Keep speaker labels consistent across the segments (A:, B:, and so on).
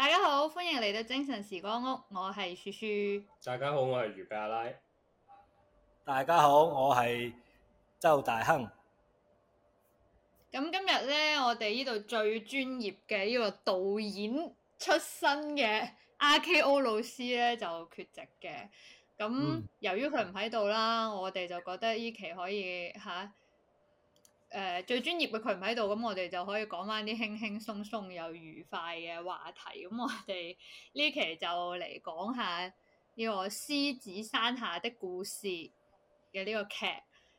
A: 大家好，歡迎嚟到精神時光屋，我係雪雪。
B: 大家好，我係魚
C: 貝拉。大家好，我係周大亨。
A: 咁今日呢，我哋呢度最專業嘅呢個導演出身嘅阿 Ko 老師呢，就缺席嘅。咁由於佢唔喺度啦，嗯、我哋就覺得呢期可以吓。誒、呃、最專業嘅佢唔喺度，咁我哋就可以講翻啲輕輕鬆鬆又愉快嘅話題。咁我哋呢期就嚟講下呢、呢個獅子山下的故事嘅呢個劇。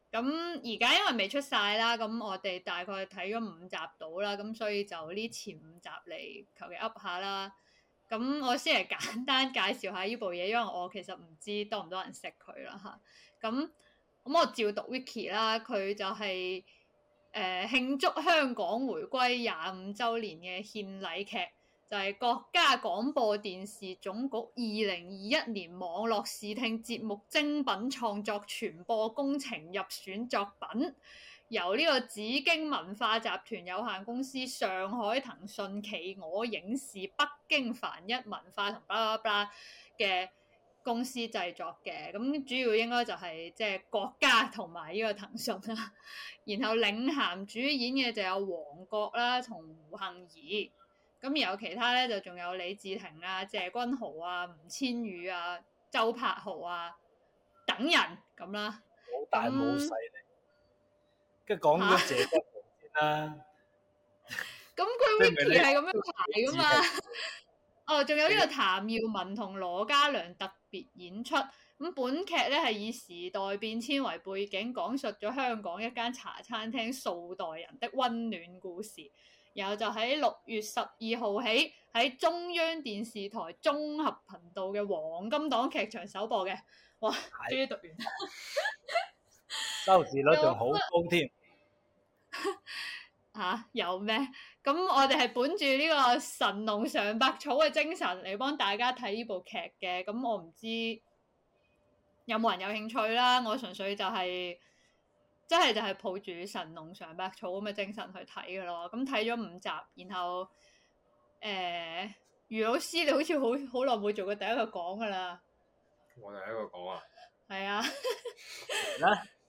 A: 咁而家因為未出晒啦，咁我哋大概睇咗五集到啦，咁所以就呢前五集嚟求其噏下啦。咁我先嚟簡單介紹下呢部嘢，因為我其實唔知多唔多人識佢啦嚇。咁咁我照讀 wiki 啦，佢就係、係。誒、呃、慶祝香港回歸廿五週年嘅獻禮劇，就係、是、國家廣播電視總局二零二一年網絡視聽節目精品創作傳播工程入選作品，由呢個紫荊文化集團有限公司、上海騰訊企鵝影視、北京凡一文化同巴拉巴拉嘅公司製作嘅，咁主要應該就係即係國家同埋呢個騰訊啦， 然後領銜主演嘅就有黃國啦同胡杏兒，咁然後其他咧就仲有李治廷啊、謝君豪啊、吳千語啊、周柏豪啊等人咁啦。冇
C: 大冇細咧，跟住那 講咗謝君豪先啦。
A: 咁佢 Vicky 係咁樣排噶嘛？ 哦，仲有呢個譚耀文同羅嘉良特別演出，咁本劇呢係以時代變遷為背景，講述咗香港一間茶餐廳數代人的溫暖故事。然後就喺六月十二號起喺中央電視台綜合頻道嘅黃金檔劇場首播嘅。哇，終於是讀完，
C: 收視率仲好高添。
A: 吓、 啊，有咩？咁我哋係本住呢個神農嘗百草嘅精神嚟幫大家睇呢部劇嘅，咁我唔知有冇人有興趣啦。我純粹就係、是、真係就係抱住神農嘗百草咁嘅精神去睇噶咯。咁睇咗五集，然後誒，余、呃、老師你好似好好耐冇做過，第一個講噶啦。
B: 我第一個講啊。
A: 係是啊。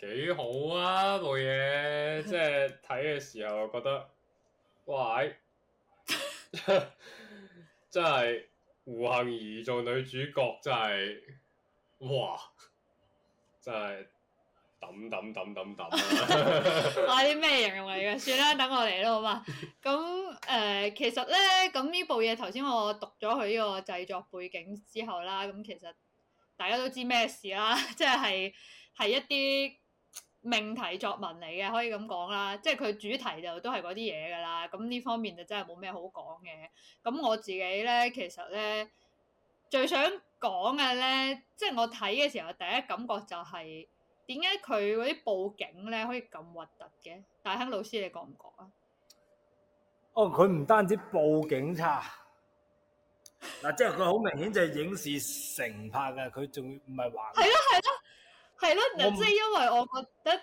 B: 幾好啊，部嘢，即係睇嘅時候覺得，喂，真係胡杏兒做女主角真係，哇！真係抌抌抌抌抌。我啲
A: 咩形容嚟嘅？算啦，等我嚟囉好嘛？咁誒，其實咧，咁呢部嘢頭先我讀咗佢呢個製作背景之後啦，咁其實大家都知咩事啦，即係係一啲。命題作文嚟嘅，可以咁講啦，即係佢主題就都係嗰啲嘢噶啦，咁呢方面就真係冇咩好講嘅。咁我自己咧，其實咧最想講嘅咧，即係我睇嘅時候第一感覺就係點解佢嗰啲佈景咧可以咁核突嘅？大亨老師，你覺唔覺啊？
C: 哦，佢唔單止佈景差，嗱， 即係佢好明顯就係影視城拍嘅，佢仲唔係話？係
A: 啦、啊，係啦、啊。係咯，嗱，不即係因為我覺得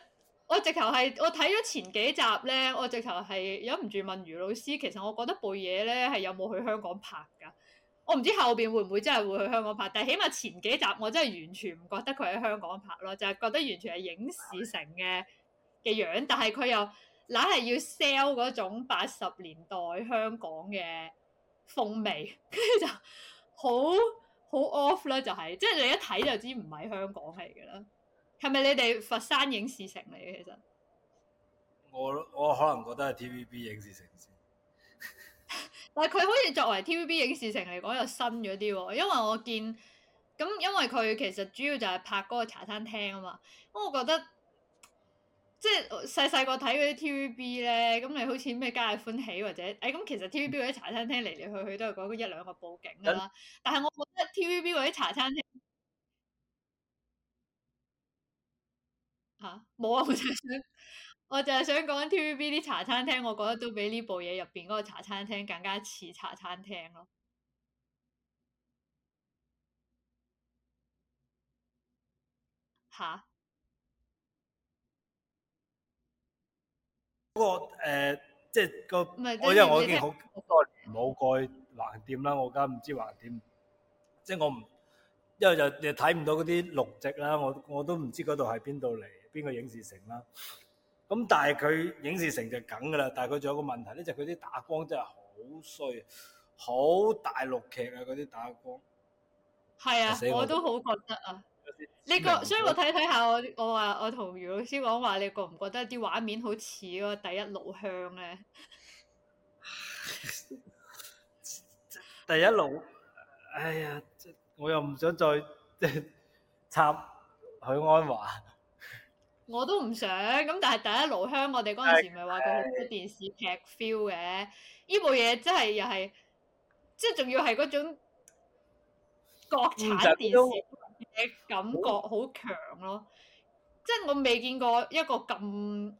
A: 我直頭係我睇咗前幾集咧，我直頭係忍唔住問余老師，其實我覺得部嘢咧係有冇去香港拍㗎？我唔知後邊會唔會真係會去香港拍，但係起碼前幾集我真係完全唔覺得佢喺香港拍咯，就係、是、覺得完全係影視城嘅嘅樣，但係佢又硬係要 sell 嗰種八十年代香港嘅風味，跟 住就好好 off 啦，就係、是、即係你一睇就知唔係香港嚟㗎啦。係咪你哋佛山影視城嚟嘅？其實
C: 我我可能覺得係 TVB 影視城先。
A: 但係佢好似作為 TVB 影視城嚟講又新咗啲喎，因為我見咁因為佢其實主要就係拍嗰個茶餐廳啊嘛，咁我覺得即係細細個睇嗰啲 TVB 咧，咁你好似咩皆大歡喜或者誒咁、哎、其實 TVB 嗰啲茶餐廳嚟嚟去去都係講嗰一兩個布景噶啦， 但係我覺得 TVB 嗰啲茶餐廳。冇啊！我就係想，我就係想講 TVB 啲茶餐廳，我覺得都比呢部嘢入邊嗰個茶餐廳更加似茶餐廳咯。嚇、
C: 啊！嗰個即係個，呃那個、是因為我已經好多年冇過橫店啦，我家唔知橫店，即係我唔，因為就就睇唔到嗰啲綠植啦，我我都唔知嗰度係邊度嚟。邊個影視城啦、啊？咁但係佢影視城就梗噶啦。但係佢仲有個問題咧，就佢、是、啲打光真係好衰，好大陸劇啊嗰啲打光
A: 係啊，啊我都好覺得啊。是你覺所以我看看、啊我，我睇睇下我我話我同余老師講話，你覺唔覺得啲畫面好似嗰個第一爐香咧？
C: 第一爐哎呀！我又唔想再 插許鞍華。
A: 我都唔想，咁但係第一爐香，我哋嗰陣時咪話佢好啲電視劇 feel 嘅，呢部嘢真係又係，即係仲要係嗰種國產電視嘅感覺好強咯，嗯、即係我未見過一個咁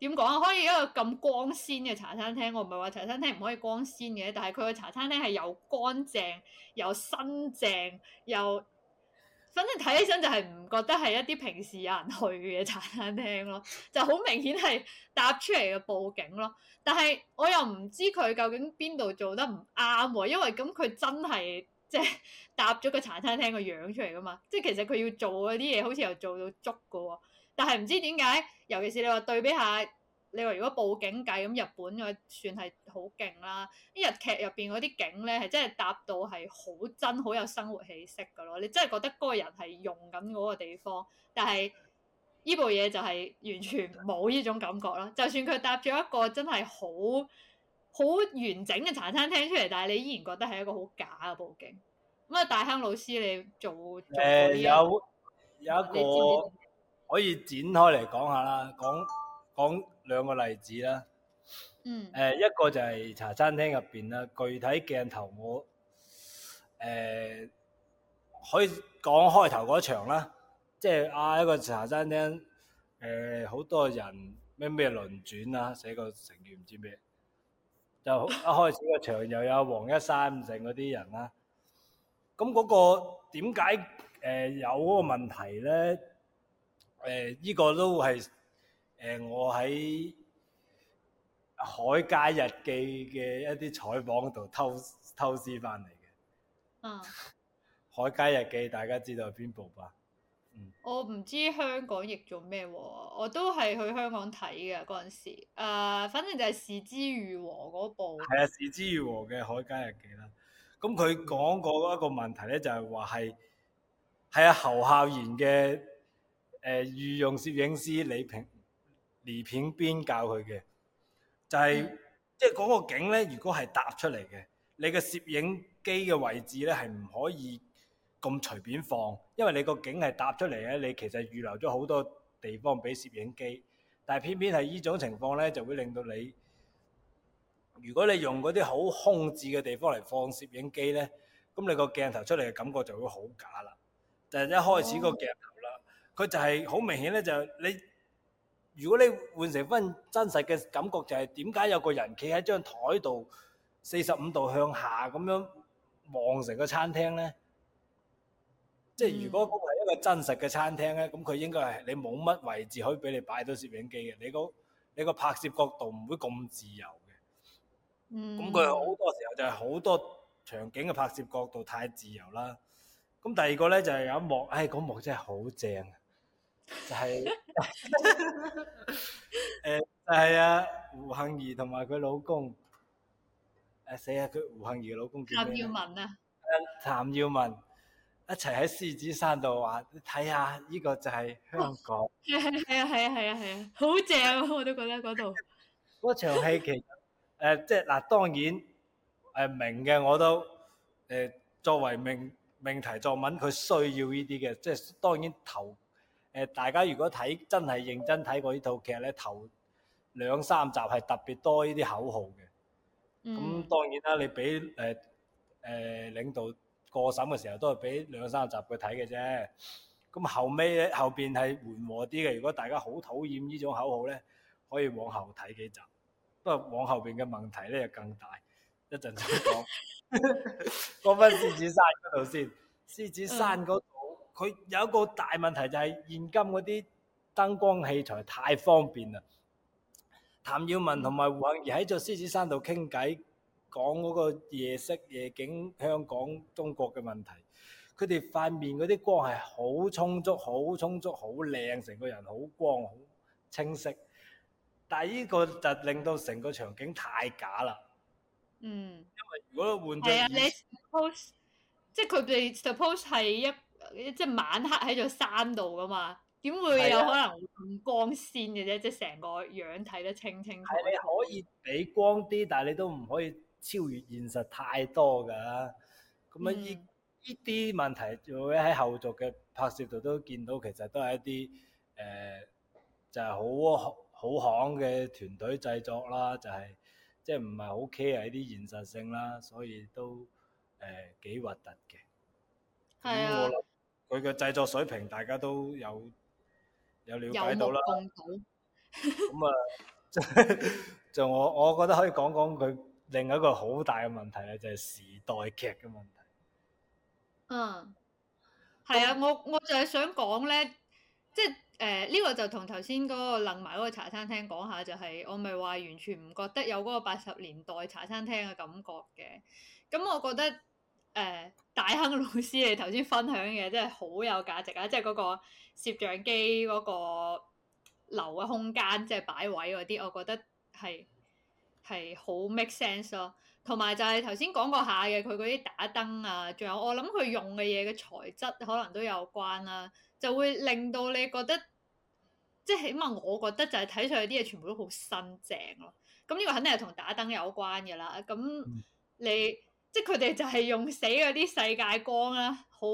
A: 點講可以一個咁光鮮嘅茶餐廳，我唔係話茶餐廳唔可以光鮮嘅，但係佢個茶餐廳係又乾淨又新淨又。反正睇起身就係唔覺得係一啲平時有人去嘅茶餐廳咯，就好明顯係搭出嚟嘅佈景咯。但係我又唔知佢究竟邊度做得唔啱喎，因為咁佢真係即搭咗個茶餐廳個樣出嚟噶嘛，即係，其實佢要做嗰啲嘢好似又做到足噶喎。但係唔知點解，尤其是你話對比下。你話如果佈景計咁，日本嘅算係好勁啦。啲日劇入邊嗰啲景咧，係真係搭到係好真、好有生活氣息噶咯。你真係覺得嗰個人係用緊嗰個地方，但係呢部嘢就係完全冇呢種感覺咯。就算佢搭咗一個真係好好完整嘅茶餐廳出嚟，但係你依然覺得係一個好假嘅佈景。咁啊，大亨老師，你做
C: 誒、這個呃、有有一個、這個、可以展開嚟講下啦，講講。兩個例子啦，誒、嗯、一個就係茶餐廳入邊啦，具體鏡頭我誒、呃、可以講開頭嗰場啦，即係啊一個茶餐廳誒好多人咩咩輪轉啦，寫個成員唔知咩，就一開始個場又有黃一山成嗰啲人啦，咁、嗯、嗰、那個點解誒有嗰個問題咧？誒、呃、呢、這個都係。誒、呃，我喺《海街日記》嘅一啲採訪度偷偷師翻嚟嘅。嗯、啊，《海街日記》大家知道係邊部吧？嗯、
A: 我唔知香港譯做咩喎、啊，我都係去香港睇嘅嗰陣時、呃。反正就係《是枝裕和》嗰部。係、嗯、
C: 啊，《是枝裕和》嘅《海街日記》啦。咁佢講過一個問題咧，就係話係係阿侯孝賢嘅誒御用攝影師李平。片邊教佢嘅，就係即係嗰個景咧。如果係搭出嚟嘅，你嘅攝影機嘅位置咧係唔可以咁隨便放，因為你個景係搭出嚟嘅，你其實預留咗好多地方俾攝影機。但係偏偏係呢種情況咧，就會令到你，如果你用嗰啲好空置嘅地方嚟放攝影機咧，咁你個鏡頭出嚟嘅感覺就會好假啦。就係一開始個鏡頭啦，佢就係好明顯咧，就你。如果你換成分真實嘅感覺，就係點解有個人企喺張台度，四十五度向下咁樣望成個餐廳咧？嗯、即係如果係一個真實嘅餐廳咧，咁佢應該係你冇乜位置可以俾你擺到攝影機嘅。你個你個拍攝角度唔會咁自由嘅。嗯。咁佢好多時候就係好多場景嘅拍攝角度太自由啦。咁第二個咧就係、是、有一幕，唉、哎，嗰、那個、幕真係好正。就係誒、 呃，係啊，胡杏兒同埋佢老公誒、啊，死啊！佢胡杏兒老公叫咩？譚耀
A: 文啊，
C: 誒、啊，譚耀文一齊喺獅子山度話，睇下呢、這個就係香港
A: 係、哦、啊，係啊，係啊，係啊，好正、啊，我都覺得嗰度
C: 嗰場戲其實誒，即係嗱，當然誒、啊、明嘅我都誒、啊、作為命命題作文，佢需要呢啲嘅，即、就、係、是、當然頭。誒，大家如果睇真係認真睇過套呢套劇咧，頭兩三集係特別多呢啲口號嘅。
B: 咁、嗯、
C: 當然啦，你俾誒誒領導過審嘅時候，都係俾兩三集佢睇嘅啫。咁後尾後邊係緩和啲嘅。如果大家好討厭呢種口號咧，可以往後睇幾集。不過往後邊嘅問題咧就更大。一陣再講，講翻獅子山嗰度先。獅子山嗰。嗯佢有一個大問題就係現今嗰啲燈光器材太方便啦。譚耀文同埋胡杏兒喺座獅子山度傾偈，講嗰個夜色夜景香港中國嘅問題。佢哋塊面嗰啲光係好充足、好充足、好靚，成個人好光好清晰。但係依個就令到成個場景太假啦。嗯。因為如果換咗
A: 係啊，你 suppose 即係佢哋 suppose 係一。即係晚黑喺座山度噶嘛，點會有可能唔光鮮嘅啫？即係成個樣睇得清清楚。係你可
C: 以俾光啲，但係你都唔可以超越現實太多㗎。咁啊，呢呢啲問題就會喺後續嘅拍攝度都見到，其實都係一啲誒、呃、就係好好行嘅團隊製作啦，就係即係唔係好 care 呢啲現實性啦，所以都誒幾核突嘅。
B: 係、呃、啊。
C: 佢嘅製作水平，大家都有有瞭解到啦。咁啊， 就我，我覺得可以講講佢另外一個好大嘅問題咧，就係、是、時代劇嘅問題。嗯，
A: 係啊，我我就係想講咧，即係誒呢個就同頭先嗰個愣埋嗰個茶餐廳講下，就係、是、我咪話完全唔覺得有嗰個八十年代茶餐廳嘅感覺嘅。咁我覺得誒。呃大亨老師，你頭先分享嘅真係好有價值啊！即係嗰個攝像機嗰個留嘅空間，即係擺位嗰啲，我覺得係係好 make sense 咯。同埋就係頭先講過下嘅，佢嗰啲打燈啊，仲有我諗佢用嘅嘢嘅材質可能都有關啦、啊，就會令到你覺得即係起碼我覺得就係睇上去啲嘢全部都好新淨咯。咁呢個肯定係同打燈有關嘅啦。咁你。嗯即係佢哋就係用死嗰啲世界光啦、啊，好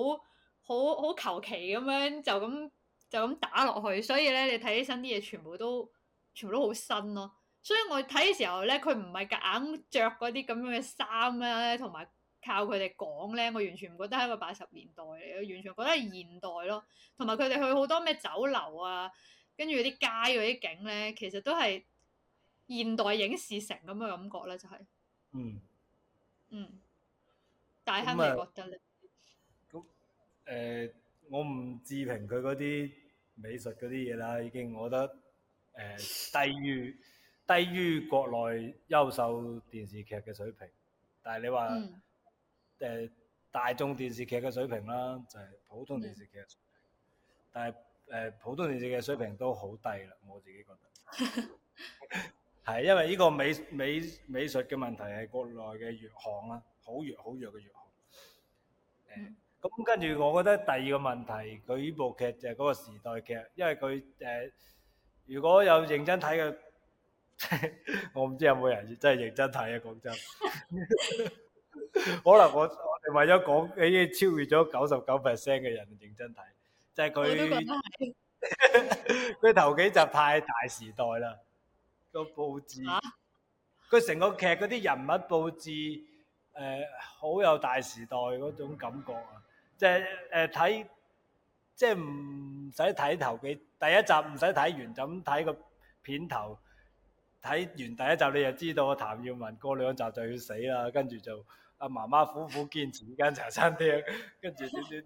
A: 好好求其咁樣就咁就咁打落去，所以咧你睇起身啲嘢全部都全部都好新咯。所以我睇嘅時候咧，佢唔係夾硬着嗰啲咁樣嘅衫咧，同埋靠佢哋講咧，我完全唔覺得係一個八十年代嚟，完全覺得係現代咯。同埋佢哋去好多咩酒樓啊，跟住啲街嗰啲景咧，其實都係現代影視城咁嘅感覺咧、就係，就係。嗯。嗯。咁啊！咁誒，嗯
C: 嗯、我唔置評佢嗰啲美術嗰啲嘢啦，已經我覺得誒、呃、低於低於國內優秀電視劇嘅水平。但係你話誒、嗯呃、大眾電視劇嘅水平啦，就係普通電視劇水平，嗯、但係誒、呃、普通電視劇嘅水平都好低啦，我自己覺得係 因為呢個美美美，美術嘅問題係國內嘅弱項啦。好弱好弱嘅弱項。誒、嗯，咁跟住，我覺得第二個問題，佢呢部劇就係嗰個時代劇，因為佢誒、呃，如果有認真睇嘅， 我唔知有冇人真係認真睇啊。講真，可能我我哋為咗講已經超越咗九十九 percent 嘅人認真睇，即係佢佢頭幾集太大時代啦，這個佈置，佢成、啊、個劇嗰啲人物佈置。誒好、呃、有大時代嗰種感覺啊！即係誒睇，即係唔使睇頭幾第一集，唔使睇完就咁睇個片頭。睇完第一集你就知道阿譚耀文過兩集就要死啦，跟住就阿、啊、媽媽苦苦堅持呢間茶餐廳， 跟住著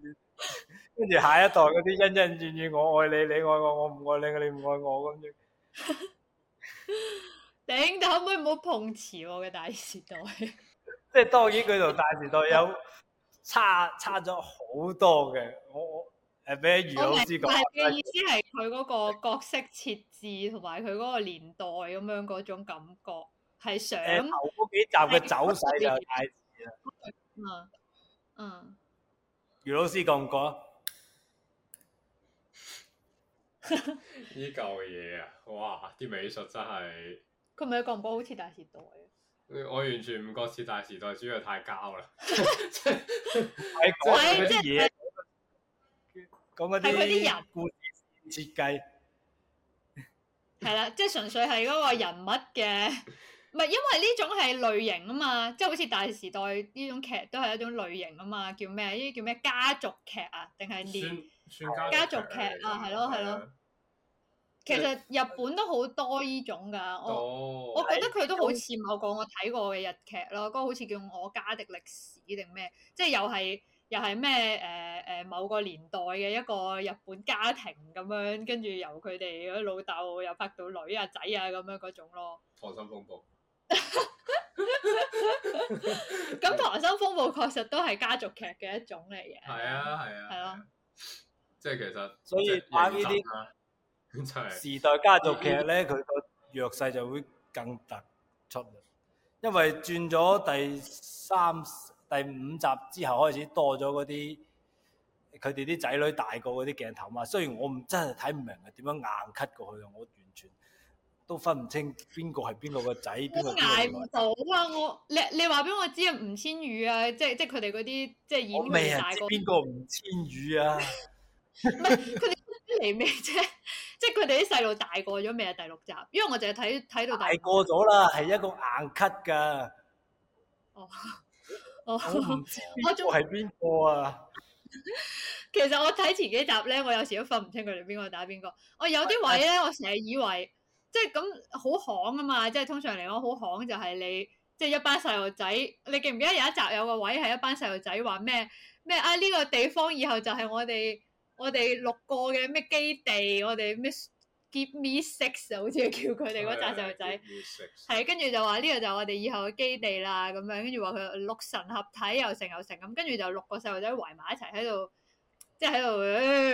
C: 跟住下一代嗰啲恩恩怨怨，我愛你，你愛我，我唔愛你，你唔愛我咁樣。
A: 頂到，可唔可以唔好碰瓷我嘅大時代？
C: 即係當然佢同大時代有
A: 差 差咗好
C: 多嘅，我我誒，俾余老師講。我明。
A: 嘅、呃、意思係佢嗰個角色設置同埋佢嗰個年代咁樣嗰種感覺，係想。誒、呃，頭幾集嘅走勢就
C: 大志啦。嗯嗯。
B: 余老師講唔講？呢舊嘢啊，哇！啲美術真係。
A: 佢咪講唔到好似大時代。
B: 我完全唔覺似大時代，主要太膠啦，太 膠， 即係講嗰啲係嗰啲人故事設計，
A: 係啦，即係純粹係嗰個人物嘅，唔 係因為呢種係類型啊嘛，即係好似大時代呢種劇都係一種類型啊嘛，叫咩？呢啲叫咩家族劇啊？定係連家族劇啊？係咯、啊，係咯。對對其實日本都好多呢種噶，我、oh, 我覺得佢都好似某個我睇過嘅日劇咯，嗰個好似叫《我家的歷史》定咩，即係又係又係咩誒誒某個年代嘅一個日本家庭咁樣，跟住由佢哋老豆又拍到女啊仔啊咁樣嗰種咯。溏心風暴。咁溏心風暴確實都係家族劇嘅一種嚟嘅。係
B: 啊係啊。係咯、啊，即係其實所以玩呢啲。是嗯、時代家族其實咧，佢
C: 個、嗯、弱勢就會更突出，因為轉咗第三、第五集之後開始多咗嗰啲佢哋啲仔女大個嗰啲鏡頭嘛。雖然我唔真係睇唔明啊，點樣硬 cut 過去啊，我完全都分唔清邊個係邊個嘅仔，邊個挨唔
A: 到啊！我你你話俾我知啊，吳千語啊，即係即係佢哋嗰啲即係演員大個。我未啊，邊個
C: 吳千語啊？
A: 唔係佢哋嚟咩啫？即係佢哋啲細路大過咗未啊？第六集，因為我淨係睇睇到大
C: 過咗啦，係、嗯、一個硬咳噶、哦。哦哦，我仲係邊個啊？
A: 其實我睇前幾集咧，我有時都分唔清佢哋邊個打邊個。我有啲位咧，我成日以為、哎、即係咁好行啊嘛。即係通常嚟講，好行就係你即係一班細路仔。你記唔記得有一集有個位係一班細路仔話咩咩啊？呢、這個地方以後就係我哋。我哋六個嘅咩基地，我哋咩 Give me six, s i x 好似叫佢哋嗰扎細路仔，係跟住就話呢、這個就我哋以後嘅基地啦，咁樣跟住話佢六神合體又成又成咁，跟住就六個細路仔圍埋一齊喺度，即喺度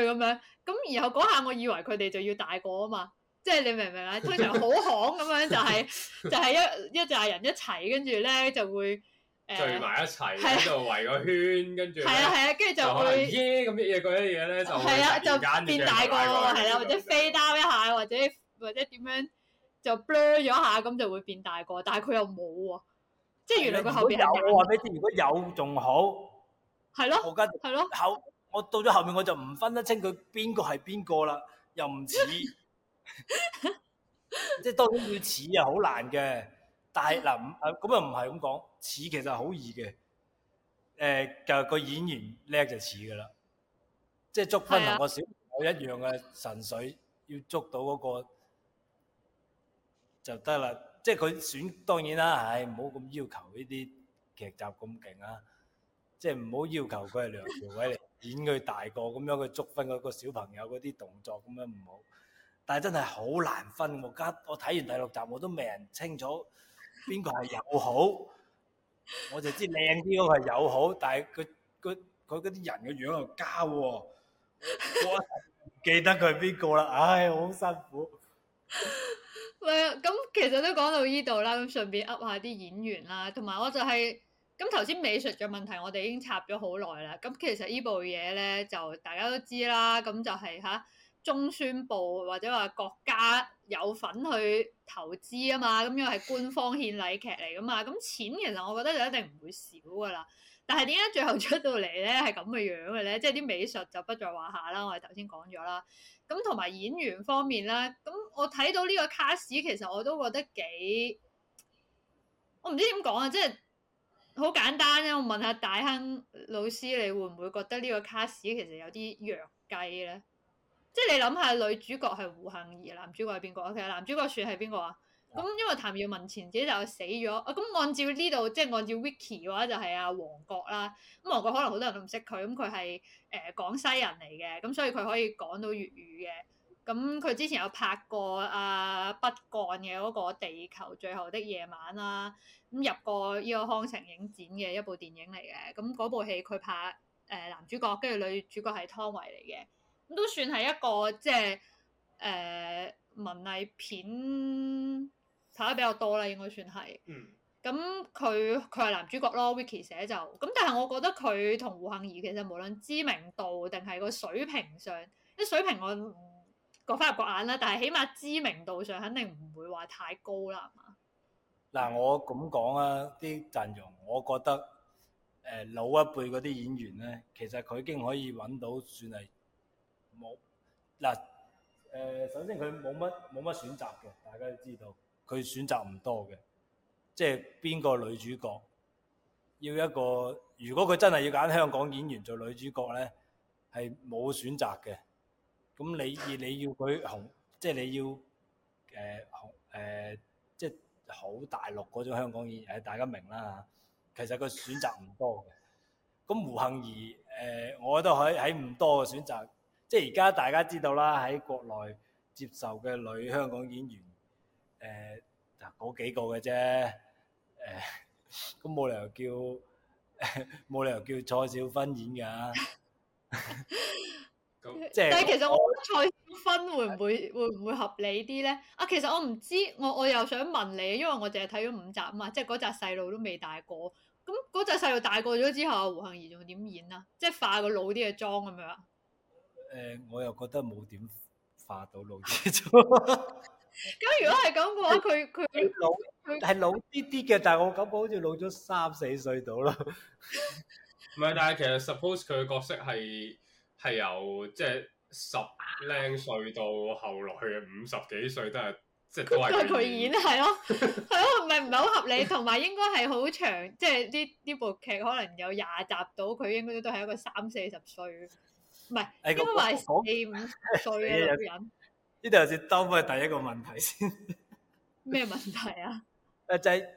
A: 咁樣，咁然後嗰下我以為佢哋就要大個啊嘛，即係你明唔明啊？通常好行咁樣 就係、是、就係、是、一一紮人一齊，跟住咧就會。
B: 聚埋一齊喺度圍個圈，跟住係啊係啊，跟住就會耶咁啲嘢嗰啲嘢咧就係啊，就變大個喎，係啦樣，或
A: 者 fade down 一下，或者或者點樣就 blur 咗下，咁就會變大個，但係佢又冇喎，即係原來佢後邊係有。我話俾
C: 你知，如果有仲好，係咯，係咯，後我，我到咗後面我就唔分得清佢邊個係邊個啦，又唔似，即係當然要似啊，好難嘅。但係嗱，咁又唔係咁講，似其實好易嘅。誒、呃，就個演員叻就似噶啦，即係捉分同個小朋友一樣嘅，純粹要捉到嗰、那個就得啦。即係佢選當然啦，係唔好咁要求呢啲劇集咁勁啊，即係唔好要求佢係梁朝偉嚟演佢大個咁 樣，佢捉分嗰個小朋友嗰啲動作咁樣唔好。但係真係好難分、啊，我家我睇完第六集我都未清楚。邊個係友好？我就知靚啲嗰個係友好，但係佢佢佢嗰啲人個樣又膠，我一時唔記得佢係邊個啦。唉、哎，好辛苦。
A: 唔咁、 嗯、其實都講到依度啦。咁順便噏下啲演員啦，同埋我就係咁頭先美術嘅問題，我哋已經插咗好耐啦。咁其實呢部嘢咧就大家都知啦。咁就係、是、嚇中宣部或者話國家有份去。投資啊嘛，咁樣係官方獻禮劇嚟噶嘛，咁錢其實我覺得就一定唔會少噶啦。但係點解最後出到嚟咧係咁嘅樣嘅咧？即係啲美術就不在話下啦，我哋頭先講咗啦。咁同埋演員方面啦，咁我睇到呢個卡士其實我都覺得幾，我唔知點講啊，即係好簡單咧。我問下大亨老師，你會唔會覺得呢個卡士其實有啲弱雞咧？即係你諗下，女主角係胡杏兒，男主角係邊個？OK，男主角算係邊個啊？咁因為譚耀文前自己就死咗，咁、啊嗯、按照呢度，即係按照 Vicky 嘅話，就係阿黃國啦。咁黃國可能好多人都唔識佢，咁佢係誒廣西人嚟嘅，咁所以佢可以講到粵語嘅。咁佢之前有拍過阿畢、啊、贛嘅嗰、那個《地球最後的夜晚》啦，咁入過呢個康城影展嘅一部電影嚟嘅。咁嗰部戲佢拍誒、呃、男主角，跟住女主角係湯唯嚟嘅。都算係一個即係誒、呃、文藝片睇得比較多啦，應該算係。嗯。咁佢佢係男主角咯，Vicky 寫就咁，但係我覺得佢同胡杏兒其實無論知名度定係個水平上啲水平我，我各花入各眼啦。但係起碼知名度上肯定唔會話太高啦，係嘛？
C: 嗱，我咁講啊，啲陣容，我覺得誒、呃、老一輩嗰啲演員咧，其實佢已經可以揾到算係。冇嗱，誒，首先佢冇乜冇乜選擇嘅，大家都知道，佢選擇唔多嘅，即係邊個女主角要一個，如果佢真係要揀香港演員做女主角咧，係冇選擇嘅。咁你以你要佢紅，即係你要誒紅誒，即係好大陸嗰種香港演員，誒大家明啦吓。其實佢選擇唔多嘅。咁胡杏兒誒，我覺得喺喺唔多嘅選擇。即係而家大家知道啦，喺國內接受嘅女香港演員，誒、呃、嗰幾個嘅啫。誒咁冇理由叫冇理由叫蔡少芬演㗎啊。
B: 即係是，但係其實我，
A: 我蔡少芬會唔會的會唔會合理啲咧？啊，其實我唔知我我又想問你，因為我淨係睇咗五集啊嘛。即係嗰集細路都未大過，咁嗰集細路大過咗之後，胡杏兒仲點演啊？即係化個老啲嘅妝咁樣。
C: 誒、呃，我又覺得冇點化到老啫。
A: 咁 如果係
C: 咁嘅話，佢佢老係他老啲啲嘅，但係我感覺好似老咗三四歲到咯。
B: 唔 係，但係其實 suppose 佢嘅角色係係由即係、就是、十零歲到後來嘅五十幾歲都係即係都係佢演
A: 係咯，係 咯， 唔係唔係好合理，同埋應該係好長，即係呢呢部劇可能有廿集到，佢應該都係一個三四十歲。
C: 唔係，應
A: 該賣四五歲嘅
C: 人。呢度先兜翻第一個問題先。咩問題啊？誒就係、是、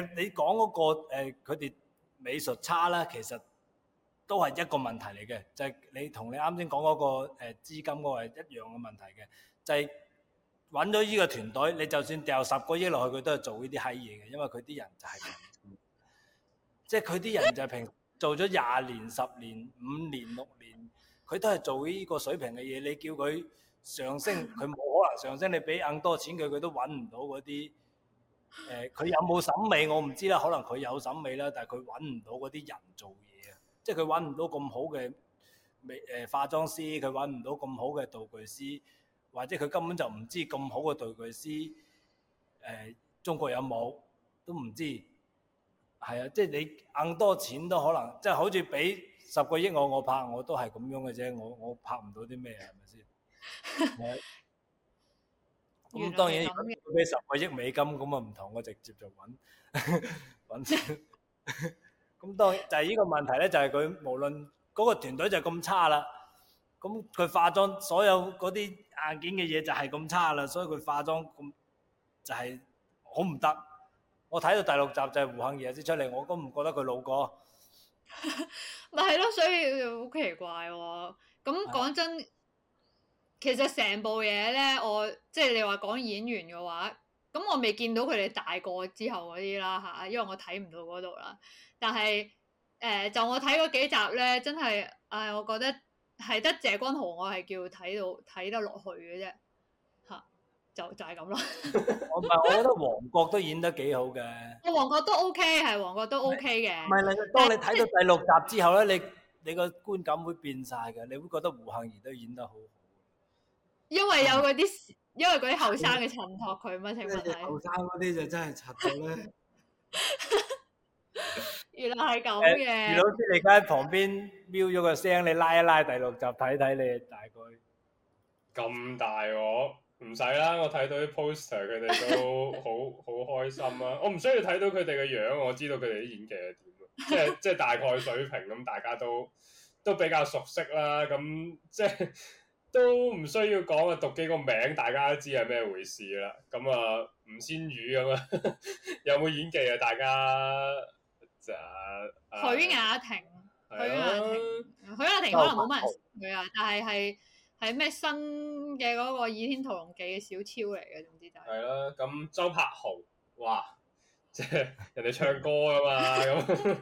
C: 誒你講嗰、那個佢哋美術差啦，其實都係一個問題嚟嘅。就係、是、你同你啱先講嗰個誒資金嗰個一樣嘅問題嘅。就係揾咗呢個團隊，你就算掉十個億落去，佢都係做呢啲閪嘢嘅，因為佢啲人就係、是，即係佢啲人就係平做咗廿年、十年、五年、六年。佢都係做呢個水平嘅嘢，你叫佢上升，佢冇可能上升。你俾硬多錢佢，佢都揾唔到嗰啲誒。佢、呃、有冇審美我唔知啦，可能佢有審美啦，但係佢揾唔到嗰啲人做嘢啊。即係佢揾唔到咁好嘅美誒化妝師，佢揾唔到咁好嘅道具師，或者佢根本就唔知咁好嘅道具師誒、呃、中國有冇都唔知。係啊，即係你硬多錢都可能，即係好似俾。十個億我我拍我都係咁樣嘅啫，我我拍唔到啲咩啊？係咪先？咁當然俾十個億美金咁啊唔同，我直接就揾揾。咁當然就係呢個問題咧，就係佢無論嗰個團隊就係咁差啦，咁佢化妝所有嗰啲硬件嘅嘢就係咁差啦，所以佢化妝咁就係好唔得。我睇到第六集就係胡杏兒先出嚟，我都唔覺得佢老過。
A: 咪係咯，所以好奇怪喎、哦。咁講真，其實成部嘢呢，我即係你話講演員嘅話，咁我未見到佢哋大個之後嗰啲啦吓，因為我睇唔到嗰度啦。但係誒、呃，就我睇嗰幾集呢，真係唉、哎，我覺得係得謝君豪我，我係叫睇到睇得落去嘅啫。就
C: 就係咁咯。唔係，我覺得王國都演得幾好嘅。
A: 王國都 OK，係王國都 OK 嘅。唔係，
C: 當你睇到第六集之後咧， 你你個觀感會變晒嘅，你會覺得胡杏兒都演得好好。
A: 因為有嗰啲， 因為嗰啲後生嘅襯托佢乜嘢乜嘢。後生嗰啲
C: 就真係襯托咧。
A: 原來係咁嘅。餘、 呃、老
C: 師，你而家喺旁邊瞄咗個聲，你拉一拉第六集睇睇，看看你大概
B: 咁大我、啊。唔使啦，我睇到啲 poster，佢哋都好好 開心啦。我唔需要睇到佢哋嘅樣，我知道佢哋啲演技係點，即係即係大概水平咁，大家都都比較熟悉啦。咁即係都唔需要講啊，讀幾個名，大家都知係咩回事啦。咁啊、呃，吳千語咁啊， 有冇演技啊？大家，、呃、許家啊許雅婷，許雅
A: 婷，許雅婷可能冇問佢啊， 但係係。係咩新嘅嗰個《倚天屠龍記》嘅小超嚟嘅，總之就
B: 係、係、啦。咁、啊、周柏豪，哇，即、就、係、係、人哋唱歌噶嘛，咁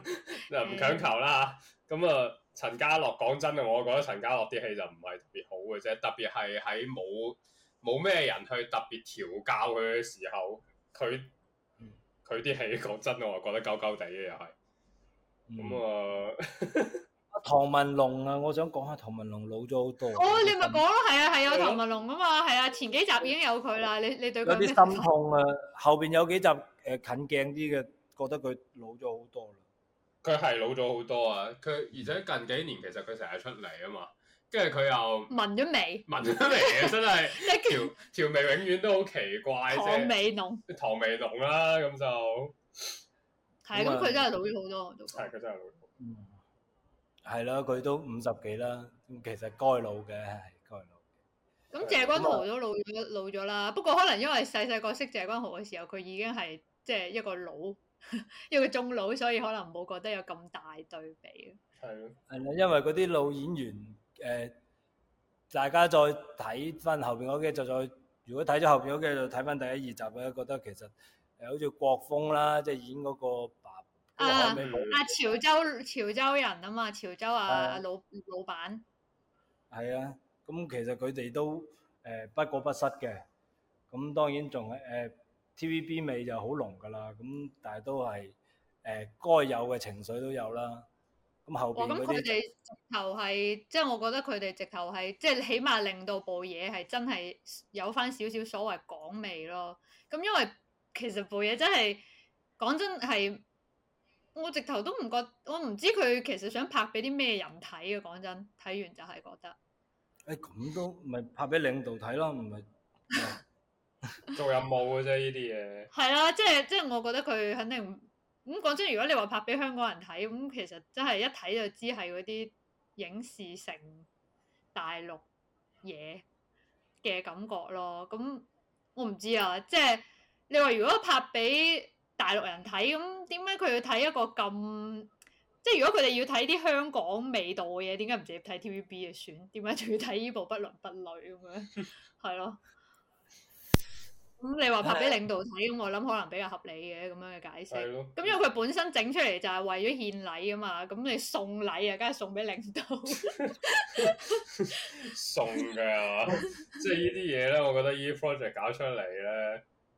B: 又唔強求啦。咁啊、 嗯，陳、嗯、家樂講真啊，我覺得陳家樂啲戲就唔係特別好嘅啫，特別係喺冇冇咩人去特別調教佢嘅時候，佢佢啲戲講真，我啊覺得鳩鳩地嘅又係，咁、嗯嗯、啊。
C: 唐文龍啊，我想講下唐文龍老咗好多。哦，你咪講咯，係啊係啊，唐文
A: 龍、oh, 唐文龍啊嘛，係啊，前幾集已經有佢啦。你你對佢有啲心
C: 痛啊。後邊有幾集誒、呃、近鏡啲嘅，覺得佢
B: 老咗好多啦。佢係老咗好多啊！佢而且近幾年其實佢成日出嚟啊嘛，跟住佢又
A: 紋咗眉，紋咗
B: 眉真係條條眉永遠都好奇怪啫。唐文龍、啊，唐文龍啦，咁就係咁，佢
A: 真係老咗好多。
B: 係，佢真係老。
C: 嗯.係咯，佢都五十幾啦，咁其實該老嘅係該老。嘅、
A: 嗯。咁謝君豪都老咗我老咗啦，不過可能因為細細個識謝君豪嘅時候，佢已經係即係一個老，一個中老，所以可能冇覺得有咁大對比。
C: 係咯的，係咯，因為嗰啲老演員誒、呃，大家再睇翻後邊嗰啲，就再如果睇咗後邊嗰啲，就睇翻第一二集咧，覺得其實誒、呃、好似國風啦，即、就、係、是、演嗰、那個。啊啊，潮
A: 州潮州人啊嘛，潮州啊老老闆
C: 係啊。咁、啊嗯、其實佢哋都誒、呃、不過不失嘅。咁、嗯、當然仲係誒、呃、T V B 味就好濃噶啦咁、嗯、但係都係誒該有嘅情緒都有啦。咁、嗯、後邊我咁佢哋直
A: 頭係即係，就是、我覺得佢哋直頭係即係起碼令到部嘢係真係有翻少少所謂港味咯。咁、嗯、因為其實部嘢真係講真係。我直頭都唔覺，我唔知佢其實想拍俾啲咩人睇嘅。講真，睇完就係覺得，
C: 誒咁、欸、都唔係拍俾領導睇咯，唔係 做任務嘅啫呢
B: 啲嘢。
A: 係啦，即係即係我覺得佢肯定咁講真。如果你話拍俾香港人睇，咁其實真係一睇就知係嗰啲影視城大陸嘢嘅感覺咯。咁我唔知啊，即係你話如果拍俾……大陸人睇，咁點解佢要睇一個咁，即係如果佢哋要睇啲香港味道嘅嘢，點解唔直接睇 T V B 嘅算？點解仲要睇呢部不倫不類咁樣？係咯，咁 的你話拍俾領導睇咁， 我諗可能比較合理嘅咁樣嘅解釋。咁的因為佢本身整出嚟就係為咗獻禮啊嘛，咁你送禮啊，梗係送俾領導。
B: 送㗎的、啊，即係呢啲嘢咧，我覺得呢啲 project 搞出嚟咧。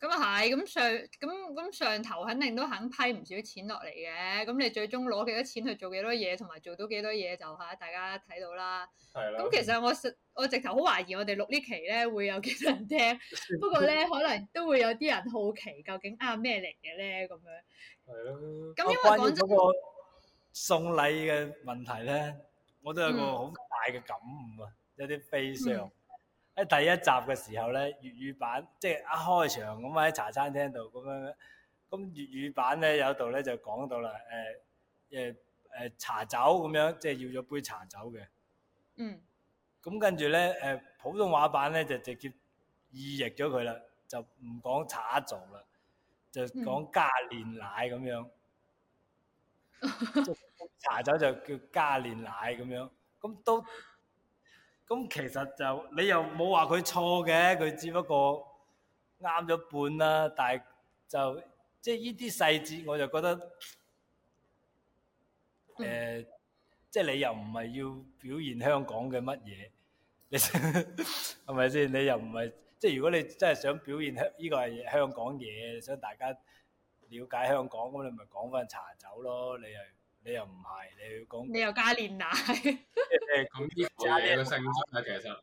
A: 咁啊係，咁、嗯嗯嗯、上咁咁、嗯、上頭肯定都肯批唔少錢落嚟嘅，咁、嗯、你、嗯、最終攞幾多錢去做幾多嘢，同埋做到幾多嘢就嚇大家睇到啦。係啦。
B: 咁其實
A: 我我直頭好懷疑我哋錄期呢期咧會有幾多人聽，
C: 不過咧可
A: 能都會有啲人好奇究竟啊咩嚟嘅咧咁樣。係
C: 咯的。咁因為講真，嗰個送禮嘅問題咧，我都有個好大嘅感悟啊，有啲悲傷。嗯嗯。喺第一集嘅時候咧，粵語版即係一開場咁喺茶餐廳度咁樣，咁粵語版咧有度咧就講到啦，誒誒誒茶走咁樣，即係要咗杯茶走嘅。
B: 嗯。
C: 咁跟住咧，誒普通話版咧就直接意譯咗佢啦，就唔講茶走啦，就講加煉奶咁樣。嗯、 茶走就叫加煉奶咁樣，咁都。咁其實就你又冇話佢錯嘅，佢只不過啱咗半啦。但係就即係呢啲細節，細節我就覺得誒，呃嗯、即係你又唔係要表現香港嘅乜嘢，係咪先？你又唔係即係如果你真係想表現香呢個係香港嘢，想大家了解香港，咁你咪講翻茶酒咯，你係。你又唔係，你要講你又加
A: 煉奶
B: 嗯。咁啲嘢嘅性質咧，其實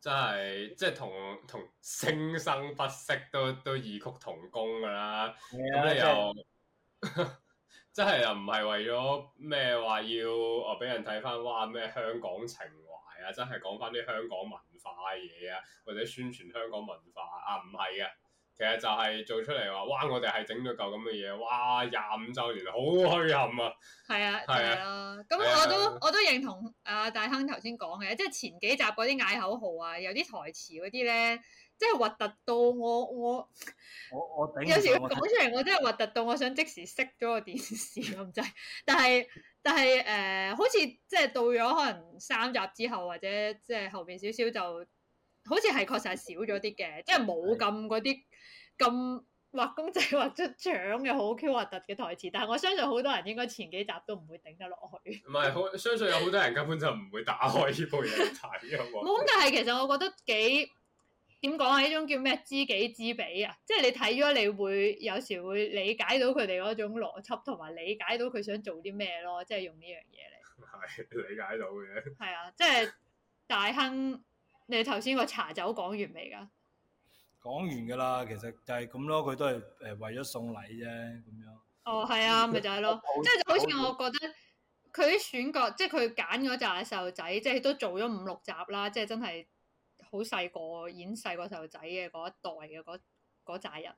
B: 真係即係同同生生不息都都異曲同工噶啦。咁你又真係又唔係為咗咩話要啊俾、哦、人睇翻哇咩香港情懷啊？真係講翻啲香港文化嘢啊，或者宣傳香港文化啊？唔係啊！其實就係做出嚟話，哇！我哋係整咗嚿咁嘅嘢，哇！廿五周年好虛冚啊！係啊，係啊，咁、啊啊、我都、啊、我都
A: 認同阿、啊、大亨頭先講嘅，即係、啊啊、前幾集嗰啲嗌口號啊，有啲台詞嗰啲咧，即係核突到我我我
C: 我有時講出嚟，
A: 我真係核突到我想即時熄咗個電視咁滯。但係但係誒、呃，好似即係到咗可能三集之後，或者即係後面少少就。好似係確實係少咗啲嘅，即係冇咁嗰啲咁畫公仔畫出腸嘅好 Q 核突嘅台詞，但係我相信好多人應該前幾集都唔會頂得落去。
B: 唔係好，相信有好多人根本就唔會打開呢部嘢睇咁， 但
A: 係其實我覺得幾點講，呢種叫咩？知己知彼啊，即係你睇咗，你會有時會理解到佢哋嗰種邏輯，同埋理解到佢想做啲咩咯，即係用呢樣嘢嚟
B: 係理解到嘅。
A: 係 啊，即係大亨。你頭先個茶酒講完未㗎？
C: 講完㗎啦，其實就係咁咯，佢都係誒為咗送禮啫咁樣。
A: 哦，係啊，咪就係、是、咯， 即係就好似我覺得佢啲選角，即係佢揀嗰紮細路仔，即係都做咗五六集啦，即係真係好細個演細個細路仔嘅嗰一代嘅嗰嗰扎人。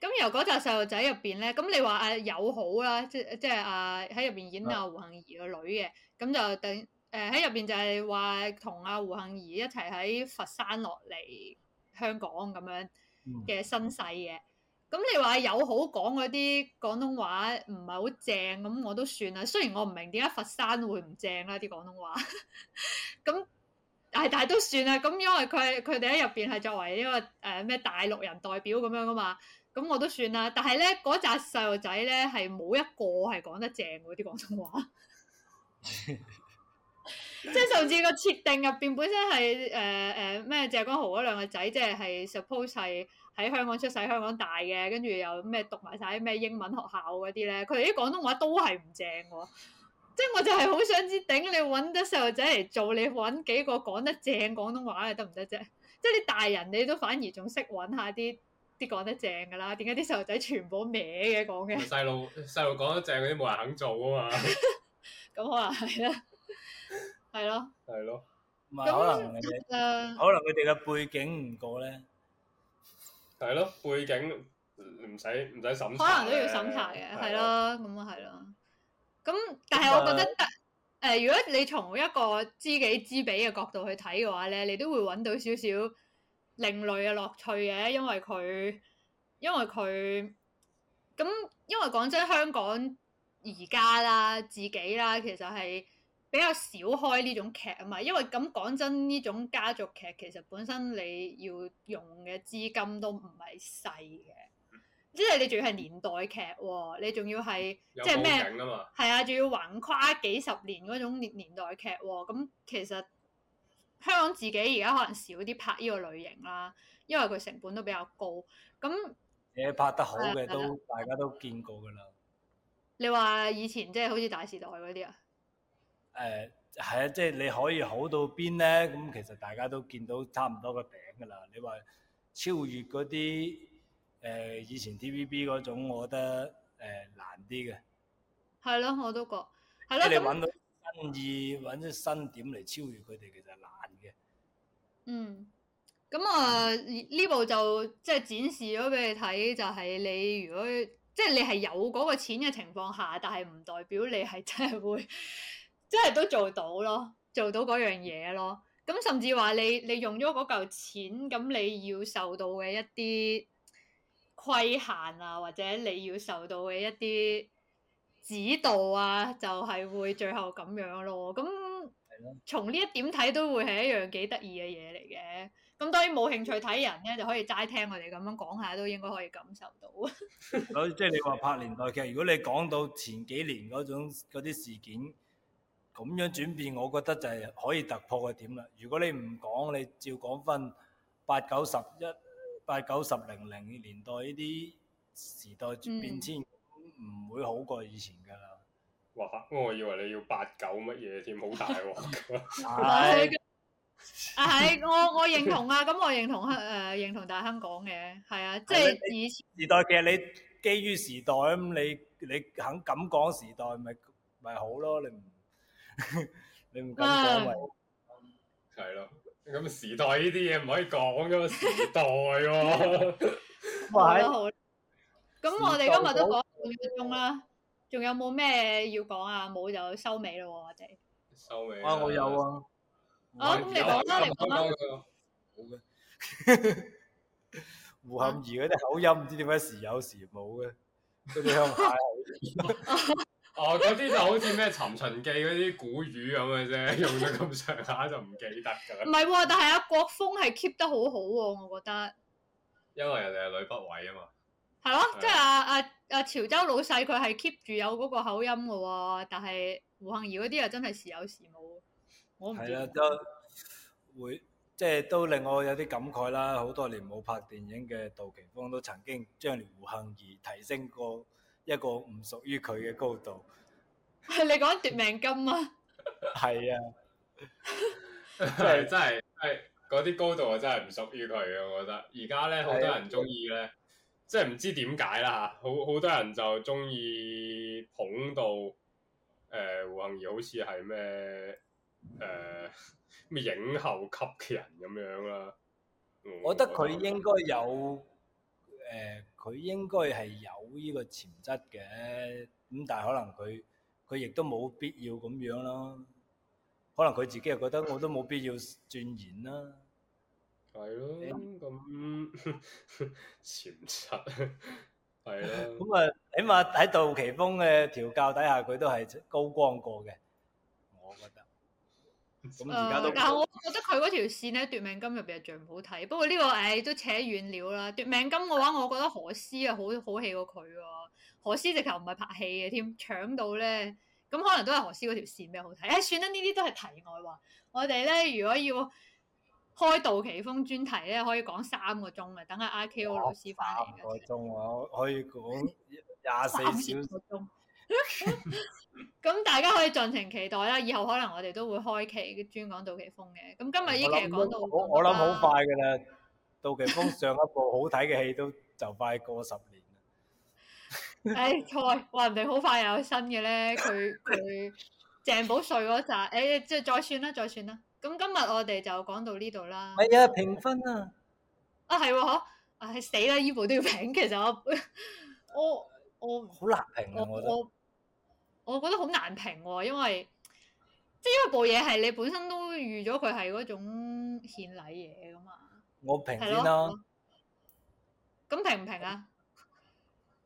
A: 咁由嗰紮細路仔入邊咧，咁你話阿、啊、友好啦，即即係阿喺入邊演阿胡杏兒個女嘅，咁就等。誒喺入邊就係話同阿胡杏兒一齊喺佛山落嚟香港咁樣嘅身世嘅。咁、嗯、你話有好講嗰啲廣東話唔係好正，咁我都算啦。雖然我唔明點解佛山會唔正啦、啊、啲廣東話。咁 係但係都算啦。咁因為佢佢哋喺入邊係作為呢個誒咩、呃、大陸人代表咁樣噶嘛。咁我都算啦。但係咧嗰咋細路仔咧係冇一個係講得正嗰啲廣東話。 即係甚至個設定入邊本身係誒誒咩謝光豪嗰兩個仔，即係係 suppose 係喺香港出世、香港大嘅，跟住又咩讀埋晒啲咩英文學校嗰啲咧？佢哋啲廣東話都係唔正喎。即係我就係好想知，頂你揾得細路仔嚟做，你揾幾個講得正廣東話嘅得唔得啫？即係啲大人你都反而仲識揾下啲啲講得正嘅啦。點解啲細路仔全部歪嘅講嘅？細
B: 路細路講得正嗰啲冇人肯做啊嘛。
A: 咁可能係啦。係
B: 咯，係咯，唔係那可能、啊、可能佢哋嘅背景唔過咧，係咯，背景唔使唔使審查，可能都要審查嘅，係咯的，
A: 咁啊係咯。咁但係我覺得，誒、啊呃，如果你從一個知己知彼嘅角度去睇嘅話咧，你都會揾到少少另類嘅樂趣嘅，因為佢，因為佢，咁因為講真，香港而家啦，自己啦，其實係。比較少開呢種劇啊嘛，因為咁講真，呢種家族劇其實本身你要用嘅資金都唔係細嘅，即係你仲要係年代劇喎，你仲要係即係咩？係啊，仲要橫跨幾十年嗰種年代劇喎，咁、嗯、其實香港自己而家可能少啲拍呢個類型啦，因為佢成本都比較高。咁、
C: 嗯、誒拍得好嘅都大家都見過㗎啦。
A: 你話以前即係好似《大時代》嗰啲啊？
C: 誒，係、呃、啊，即係你可以好到邊咧？咁、嗯、其實大家都見到差唔多個頂噶啦。你話超越嗰啲誒以前 TVB 嗰種，我覺得誒、呃、難啲嘅。
A: 係咯、啊，我都覺係
C: 咯。即係、啊、你揾到新意，揾、嗯、新點嚟超越佢哋，其實難嘅、嗯。嗯，
A: 咁啊呢部就即係展示咗俾你睇，就係、是、你如果即係你係有嗰個錢嘅情況下，但係唔代表你係真係會。 即係都做到咯，做到嗰樣嘢咯。咁甚至話你你用咗嗰嚿錢，咁你要受到嘅一啲規限啊，或者你要受到嘅一啲指導啊，就係、係、會最後咁樣咯。咁從呢一點睇，都會係一樣幾得意嘅嘢嚟嘅。咁當然冇興趣睇人咧，就可以齋聽我哋咁樣講下，都應該可以感受到。
C: 咁 即係你話拍年代劇，如果你講到前幾年嗰種嗰啲事件。咁樣轉變，我覺得就係可以突破嘅點啦。如果你唔講，你照講翻八九十一八九十零零年代呢啲時代變遷，唔、嗯、會
B: 好過以前噶啦。哇！咁我以為你要八九乜嘢添，好大喎。
C: 係啊，係我我認同
A: 啊。咁我認同亨誒認同大香港嘅係啊，即係以前
B: 時代嘅你基
C: 於時代咁，你你肯咁講時代，咪咪好咯。你唔？你
B: 你唔敢講咪係咯？咁時代呢啲嘢唔可以講㗎嘛，時代喎。好啦好，咁我哋今
A: 日都講半個鐘啦。仲有冇咩要講啊？冇就收尾咯。我
B: 哋收尾啊！我有啊。啊，咁你講啦，你講啦。好嘅。
C: 胡杏兒嗰啲口音唔知點解時有時冇嘅，
B: 佢哋鄉下。哦，嗰啲、 啊、就好似咩《尋秦記》嗰啲古語咁嘅啫，用咗咁上下就唔記得噶啦。唔
A: 係喎，但係阿、啊、國風係 keep 得好好、啊、喎，我覺得。
B: 因為人哋係呂不韋啊嘛。係咯、啊，即係阿
A: 阿阿潮州老細，佢係 keep 住有嗰個口音嘅喎、啊。但係胡杏兒嗰啲又真係時有時冇。我唔。係啦、啊，都
C: 會即係都令我有啲感慨啦。好多年冇拍電影嘅杜琪峰都曾經將胡杏兒提升過。一個唔屬於佢嘅高度，
A: 你講奪命金啊？
B: 係、哎、啊，真係真係，嗰啲高度我真係唔屬於佢嘅。我覺得而家咧，好多人中意咧，即係唔知點解啦吓，好好多人就中意捧到誒、呃、胡杏兒好，好似係咩誒咩影后級嘅人咁樣啦。 我覺得佢應該有誒，佢應該係有。 呃
C: 呢個潛質嘅，咁但係可能佢佢亦都冇必要咁樣咯，可能佢自己又覺得我都冇必要轉演啦，係咯，咁潛質係咯，咁啊，起碼喺杜琪峯嘅調教底下，佢都係高光過嘅。
B: 咁而家都，但係我
A: 覺得佢嗰條線咧，《 奪命金》入邊係最唔好睇。不過呢、呢個唉都扯遠了啦，《奪命金》嘅話我覺得何詩啊好好戲過佢喎。何詩直頭唔係拍戲嘅添，搶到咧，咁可能都係何詩嗰條線比較好睇。唉、哎，算啦，呢啲都係題外話。我哋咧如果要開杜琪峯專題咧，可以講三個鐘嘅。等下 I K O 老師翻
C: 嚟。一個鐘，我可以講廿四小時。
A: 咁、 嗯、大家可以盡情期待啦，以後可能我哋都會開期專講杜琪峰嘅。咁今日呢期講到我諗好
C: 快噶啦，杜琪峰上一部好睇嘅戲都就快過十年啦。
A: 哎，菜，話唔定好快又有新嘅咧。佢，佢鄭寶瑞嗰集，誒，即係再算啦，再算啦。咁今日我哋就講到呢度啦。
C: 係啊、哎，評分啊。
A: 啊，係喎，唉、哎、死啦，依部都要評。其實我我我好難評啊，我覺得。我覺得好難評喎，哦，因為即係因為部嘢係你本身都預咗佢係嗰種獻禮嘢噶嘛。
C: 我評先啦咯。
A: 咁評唔評啊？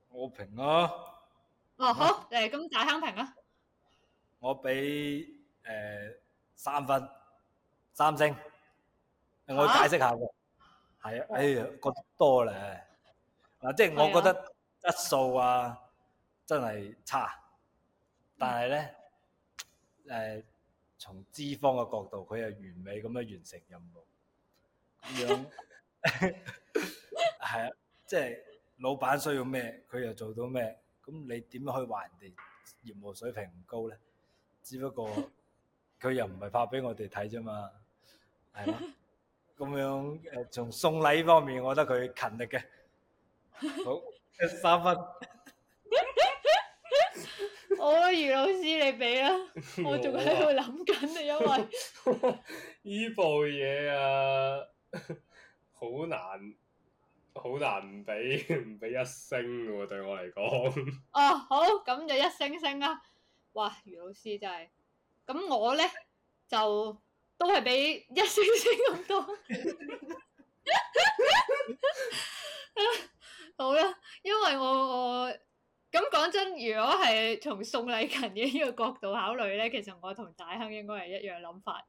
C: 我評啊。
A: 哦好，誒咁大亨評啊。啊欸，啊
C: 我俾誒、呃、三分三星。
A: 我解
C: 釋下喎。係啊，啊，哎呀，過得多咧。嗱，即係我覺得質素啊，真係差。但係咧，誒、呃，從資方嘅角度，佢又完美咁樣完成任務，咁樣係 啊，即、就、係、是、老闆需要咩，佢又做到咩，咁你點可以話人哋業務水平唔高咧？只不過佢又唔係拍俾我哋睇啫嘛，係咯、啊，咁樣誒、呃，從送禮方面，我覺得佢勤力嘅，好，三分。
A: 好啊，余老師，你俾啦，
C: 我
B: 仲喺度
A: 諗緊，啊、因為
B: 呢 部嘢啊，啊，好難，好難俾，唔俾一星嘅喎，對我嚟講。
A: 哦，好，咁就一星星啦。哇，余老師真係，咁我呢，就都係俾一星星咁多。 好啦、啊，因為我我。咁講真，如果係從宋禮勤嘅呢個角度考慮咧，其實我同大亨應該係一樣諗法。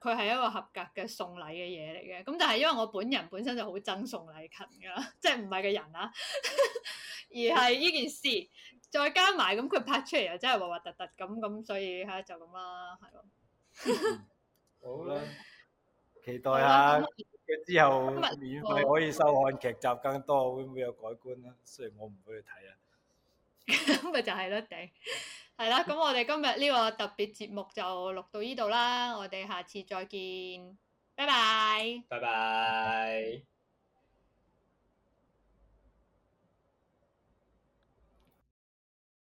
A: 佢係一個合格嘅送禮嘅嘢嚟嘅。咁但係因為我本人本身就好憎宋禮勤噶啦，即係唔係嘅人個人啦， 而係呢件事，再加埋咁佢拍出嚟又真係核核突突咁咁，所以吓，就咁啦，係咯。好
C: 啦，期待下佢之後免費可以收看劇集更多，會唔會有改觀咧？雖然我唔會去睇啊。
A: 咁咪 就係咯，頂。係啦，咁我哋今日呢個特別節目就錄到呢度啦，我哋下次再見，拜拜。拜拜。